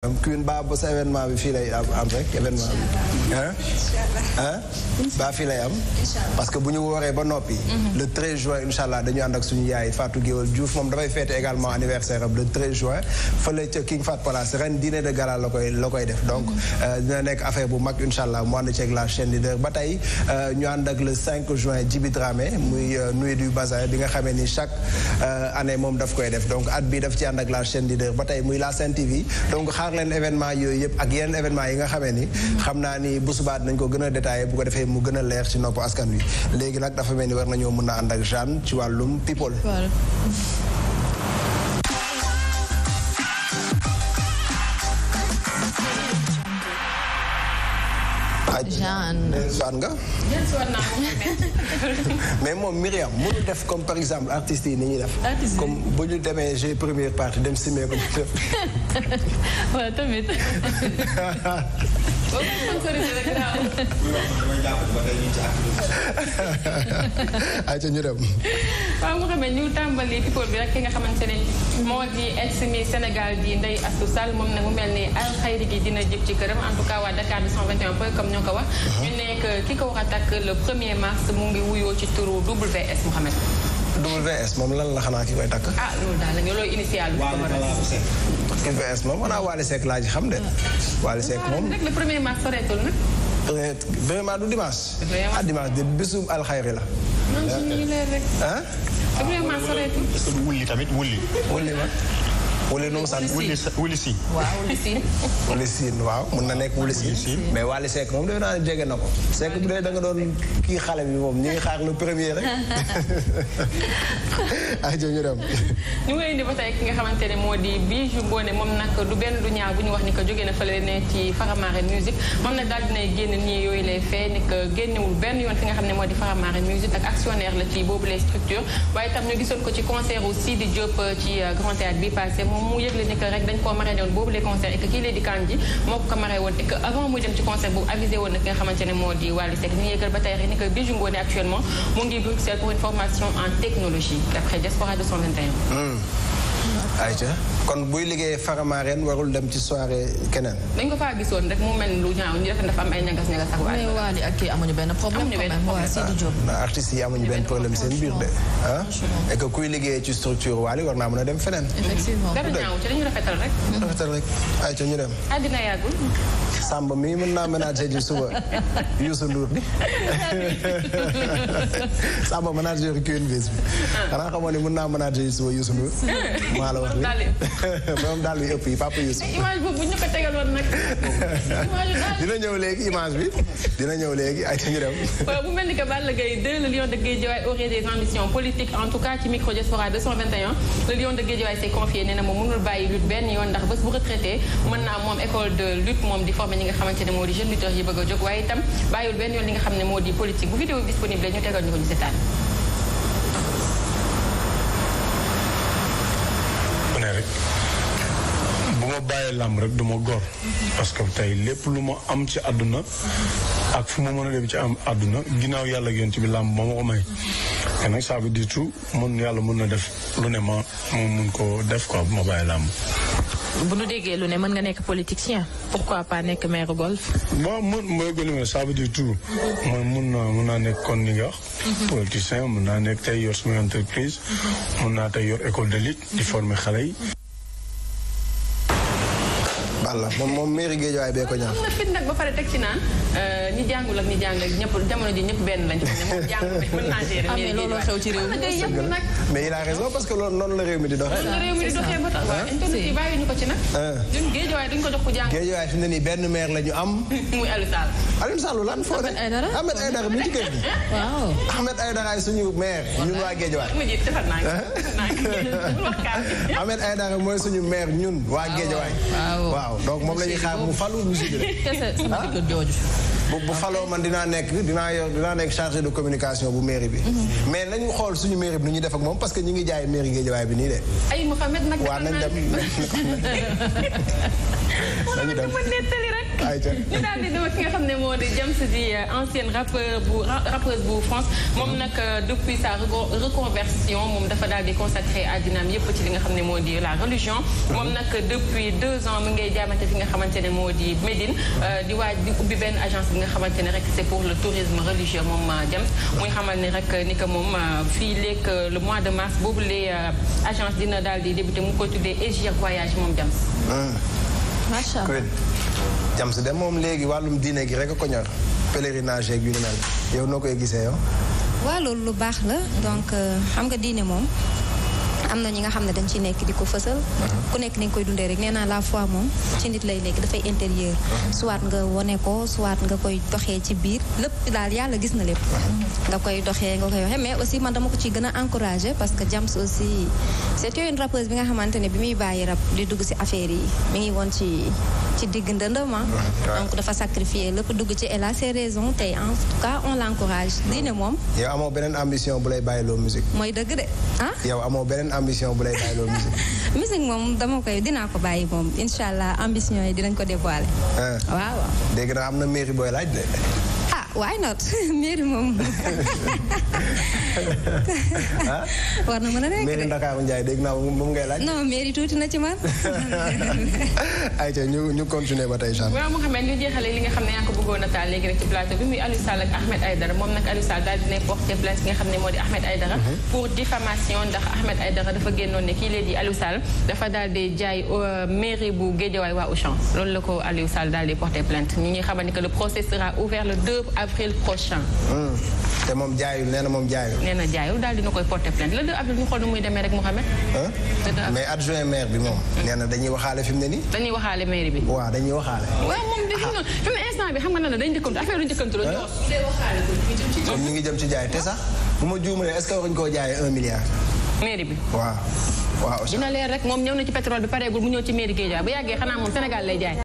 am Queen ba ba sa événement bi fii lay am am rek événement bi ah ba fii lay am parce que bu ñu wooree ba noppi mhm. le 13 juin incha allah dañu ànd ak suñu yaay faatu Guéwal Diouf moom dafay fêter également anniversaire am le 13 juin fële ca King Fat Palace ren dîner de gala la koy koy def donc mhm. euh, dina nekk affaire bu mag incha allah mu ànd ceeg la chaîne leader ba tey euh, ñu ànd ak le 5 juin Djibi Dramé muy euh, nuit du bazar bi nga xamee ni chaque anne moom daf koy def donc at bi daf ci ànd la chaîne ba tey muy la Sen xaar leen événement yooyu yëpp ak yenn événement yi nga xamee ni xam naa ni bu subaa dinañ ko gën a détaillé bu ko defee mu gën a leer ci nopp askan wi léegi nag dafa mel ni war nañoo mën a ànd ak Jeanne ci wàllum people Jean nga. mais moom Myriam mënu def comme par exemple artistes yi ni ñuy def. comme bu ñu demee j'ai première partie dem simee ko def. waaw tamit. boo ko sponsorisé rek ayca ñu dem. waaw Mouhamed ñu tàmbali people bi rek ki nga xamante ne moo di ex mi Sénégal di Ndeye Astou Sall moom nag mu mel ni alxayri gi dina jëm ci këram en tout cas waa Dakar 221 comme ñoo ko wax. ñu uh-huh. nekk ki ko war a takk le 1 mars mu ngi wuyoo ci turu WS Mouhamed. WS moom lan la xanaa ki koy takk. ah loolu daal la looy initial bi. WS moom xanaa Waly laa ci xam de. Waly Seck moom nag le premier mars soreetul nag. vraiment euh, du dimanche. ah dimanche de la. ah. vraiment soreetul. wulli tamit wulli. wulli ma. wuli nu mu sant wuli wuli siin waaw wuli siin wuli siin waaw mun na nekk wuli siin mais Wally Seck moom defe naa ne jege na ko Seck bu dee da nga doon kii xale bi moom ñu ngi xaar le premier rek ajo ñu dem ñu ngi indi ba tey ki nga xamante ne moo di Bijou Ngoné moom nag du benn du ñaar bu ñu wax ni ko jógee na fële ne ci Faramaren musique moom nag daal dinay génn nii yooyu lay fee ni ko génnewul benn yoon fi nga xam ne moo di Faramaren musique ak actionnaire la ci boobu les structures waaye tam ñu gisoon ko ci concert u Sidi Diop euh, ci euh, Grand Théâtre bi passé moom mu yëgle ni que rek dañ koo mare woon boobu les concerts et kii lay di Kandji moo ko ko mare woon et avant muy dem ci concert boobu avisé woon na nga xamante ne moo di Wally Seck ñu yëgal ba tey rek ni que Bijou actuellement mu ngi Bruxelles pour une formation en technologie d'après Diaspora 221 ayca kon buy liggéey Faramareen warul dem ci soirée keneen. dañ ko faa gisoon rek mu mel lu ñaaw ñu def dafa am ay ñagas ñagas ak waaye. mais ak kii amuñu benn problème. artistes benn problème seen biir de. ah et kuy liggéey ci structure Wally war naa mën a dem feneen. effectivement ñaaw ci ñu dem. àddina yàggul. Samba mii mën naa ménager ji suba Youssou Ndour bi Samba ménager Queenbees bi xanaa xamoon ne mën naa ménager ji suba Youssou Ndour maa la wax li moom daal yu ëpp yi papa Youssou image boobu ñu ko tegaloon nag dina ñëw léegi image bi dina ñëw léegi ay ñu dem bu mel ni que Balla Gaye 2 le lion de Guédiawaye aurait des ambitions politiques en tout cas ci micro diaspora 221 le lion de Guédiawaye s'est confié nee moom mënul bàyyi lutte benn yoon ndax bés bu retraité ñi nga xamante ne moo di jeune yi bëgg a jóg waaye itam bàyyiwul benn yoon li nga xam ne moo di politique bu vidéo bi disponible ñu tegal ñu ko ñu seetaan bu ma bàyyee làmb rek du ma góor parce que tey lépp lu ma am ci àdduna ak fu ma mën a dem ci am àdduna ginnaaw yàlla yoon ci bi làmb moo ma ko may te nag ça tout mën yàlla mën na def lu ne ma moom mun ko def quoi bu ma bàyyee làmb bu nu déggee lu ne mën nga nekk politicien pourquoi pas nekk maire golf. bon mën mooy gën a ça veut dire tout. man mun naa mun naa nekk kon ni nga wax. politicien mun naa nekk tey yor sama entreprise. Mhm. mun naa tey yor école de lutte di former xale yi. allah moom moom mairie Guédiawaye bee ko ñaan. am na fit nag ba pare teg ci naan euh, ñi jàngul ak ñi jàng ak ñëpp jamono ji ñëpp benn lañ. moom jàngul rek mën naa gérer. mais looloo xew ci réew mi nag. mais il a raison parce que loolu noonu la réew mi di doxee. noonu la réew mi di doxee ba tax ah, internet yi bàyyi ñu ko ci nag. Ah. ñun Guédiawaye duñ ko jox ku jàng. Guédiawaye fi mu ne nii benn maire la ñu am. muy Aliou Sall. Aliou Sall lan foo rek. Ahmed Aïdara mi ci kër gi. waaw Ahmed Aïdara ay suñu maire. ñun waa Guédiawaye. Ahmed Aïdara mooy suñu maire ñun waa ah, Guédiawaye waaw donc moom la ñuy xaar mu falu ñu ah? si bu bu faloo man dinaa nekk dinaa yor dinaa nekk chargé de communication bu mairie bi. Mhm. mais nañu xool suñu mairie bi nu ñuy def moom parce que ñu ngi jaay mairie Guédiawaye bi nii de. ay Mouhamed nag. waaw nañ dem nañ dem. ñu daal di dugg ki nga xam ne moo di Jams di ancienne rappeur bu rappeuse bu France moom nag euh, depuis sa reconversion moom dafa daal di consacré àddinaam yépp ci li nga xam ne moo di la religion mhm. moom nag depuis deux ans mu ngay jaamante fi nga xamante ne moo di Médine euh, di waaj di ubbi benn agence bi nga xamante ne rek c'est pour le tourisme religieux moom euh, Jams muy xamal ni rek ni que moom fii léeg le mois de mars boobu les agence dina daal di débuté mu ko tuddee moom Jams ah. macha jam si de moom léegi wàllum diine gi rek a ko ñor pèlerinage ak yu ni mel yow noo koy gisee yow. waaw lu baax la donc euh, xam nga diine moom. am na ñi nga xam ne dañ ci nekk di ko fësal uh-huh. ku nekk ni nga koy dundee rek nee naa la foi moom ci nit lay nekk dafay intérieur uh-huh. soit nga wone ko soit nga koy doxee ci biir lépp daal yàlla gis na lépp uh-huh. nga koy doxee nga koy waxee mais aussi man dama ko ci gën a encouragé parce que Jams aussi c'était une rappeuse bi nga xamante ne bi muy bàyyi rap di dugg si affaire yi mi ngi woon ci ci digg ndëndama ah. donc dafa sacrifier lépp dugg ci elle a ses raisons tey en tout cas on l'encourage diine moom yow amoo beneen bu lay bàyyi loo musique mooy dëgg ah. ambition bu lay bàyyiloo musique. musique moom dama koy dinaa ko bàyyi moom incha allah ambition yi dinañ ko dévoiler. Ah. waaw waaw. dégg na mairie booy laaj why not mairie moom. war na mën a nekk de mairie Ndakaaru Ndiaye dégg naa moom ngay tuuti na ci man. ayca ñu ñu continuer ba tey Charles. waaw Mouhamed ñu jeexalee li nga xam ne yaa ko bëggoon a taal léegi rek ci plateau bi muy Aliou ak Ahmed Aïdara moom nag Aliou Sall daal dina porter plainte ki nga xam ne moo di Ahmed Aïdara. Mhm. pour diffamation ndax Ahmed Aïdara dafa génnoon ne kii lay di Aliou Sall dafa daal di jaay euh, mairie bu Guédiawaye waa Auchan loolu la ko Aliou Sall daal di porter plainte ñu ngi xamal ni que le procès avril prochain. Hmm. te moom jaayul nee moom jaayul. nee na jaayul daal dina koy porter plainte le 2 avril ñu xool nu muy demee rek Mouhamed. mais adjoint maire bi moom. nee na dañuy waxaale fi mu ne nii. dañuy waxaale maire bi. waaw dañuy waxaale. waaw moom de ah. xam nga fi mu instant bi xam nga nan la dañu njëkkantu affaire yu ngi jëm ci jaay te sax bu ma juumalee est-ce que koo jaayee un milliard. mairie bi waaw. waaw dina leer rek moom ñëw na ci pétrole bi pareegul mu ñëw ci mairie Guédiawaye bu yàggee xanaa moom Sénégal lay jaay.